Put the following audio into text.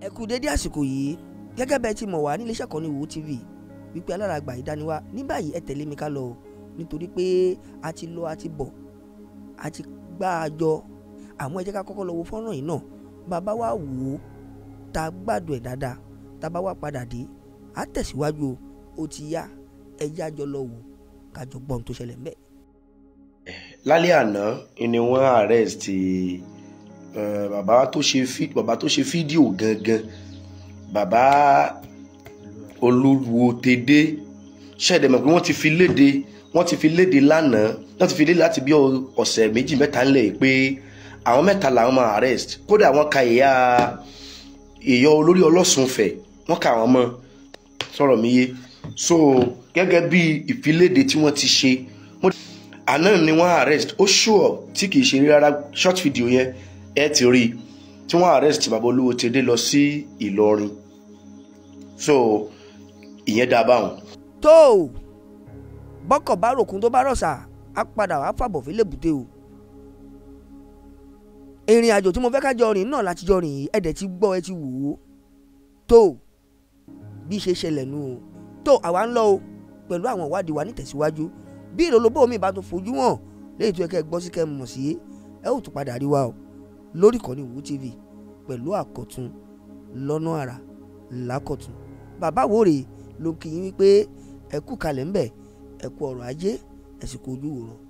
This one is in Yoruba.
ẹ kú dédé àsìkò yìí gẹ́gẹ́ bẹ́ẹ̀ ti mọ̀ wá ní iléeṣẹ́ kan ní Wo TV wípé aláràgbà ìdániwá ní báyìí ẹ tẹ̀lé mi ká lọ nítorí pé a ti lọ a ti bọ̀ a ti gbá a jọ àmọ́ ẹ jẹ́ ká kọ́kọ́ lọ wo fọ́nrán yìí náà bàbá wa wò ó ta gbádùn ẹ̀ dáadáa tá bá wà padà dé a tẹ̀síwájú o ti yá ẹ yá jọ lọ wò ká jọ tó ṣẹlẹ̀ ń lálẹ́ àná ni wọ́n arrest Eh, bàbá tó ṣe bàbá tó ṣe fídíò gangan bàbá olúwo tèdè ṣẹ̀dẹ̀mọ̀ pé wọ́n ti fi léde wọ́n ti fi léde lánàá wọ́n ti fi léde láti bí ọ̀sẹ̀ méjì mẹ́ta ńlẹ̀ pé àwọn mẹ́ta làwọn máa arrest kódà wọ́n ka ìyá ìyá olórí ọlọ́sùn fẹ̀ wọ́n ka àwọn mọ́ sọ̀rọ̀ mi yé so gẹ́gẹ́ bí ìfiléde tí wọ́n ti ṣe àná ni wọ́n arrest ó ṣùọ̀ tí kì í ṣe rí rárá short video yẹn ẹ ti rí i tí wọ́n arrest bàbá olówó ti dé lọ sí Ìlọrin so ìyẹn dáa báwọn. tó o bọ́kọ̀ bá ròkun tó bá rọ̀ṣà á padà wàá fàbọ̀ fílẹ̀ bùtẹ́ o ìrìn àjò tí mo fẹ́ ká jọ rìn náà láti jọ rìn yìí ẹ̀dẹ̀ ti gbọ́ ẹ ti wò ó tó bí ṣe ṣẹlẹ̀ nù o tó àwa ń lọ o pẹ̀lú àwọn ìwádìí wa nítẹ̀síwájú bí ìrólóbó mi bá tún fojú hàn léyìí tó yẹ kẹ́ ẹ gbọ́ sí kẹ́ ẹ mọ̀ sí ẹ ó tún padà rí wa o lórí ìkànnì Wo TV pẹ̀lú àkọ̀tun lọ́nà àrà lákọ̀tun bàbá wo rèé ló kì í wípé ẹ kú kalẹ̀ ńbẹ̀ ẹ kú ọ̀rọ̀ ajé ẹ sì kú wòran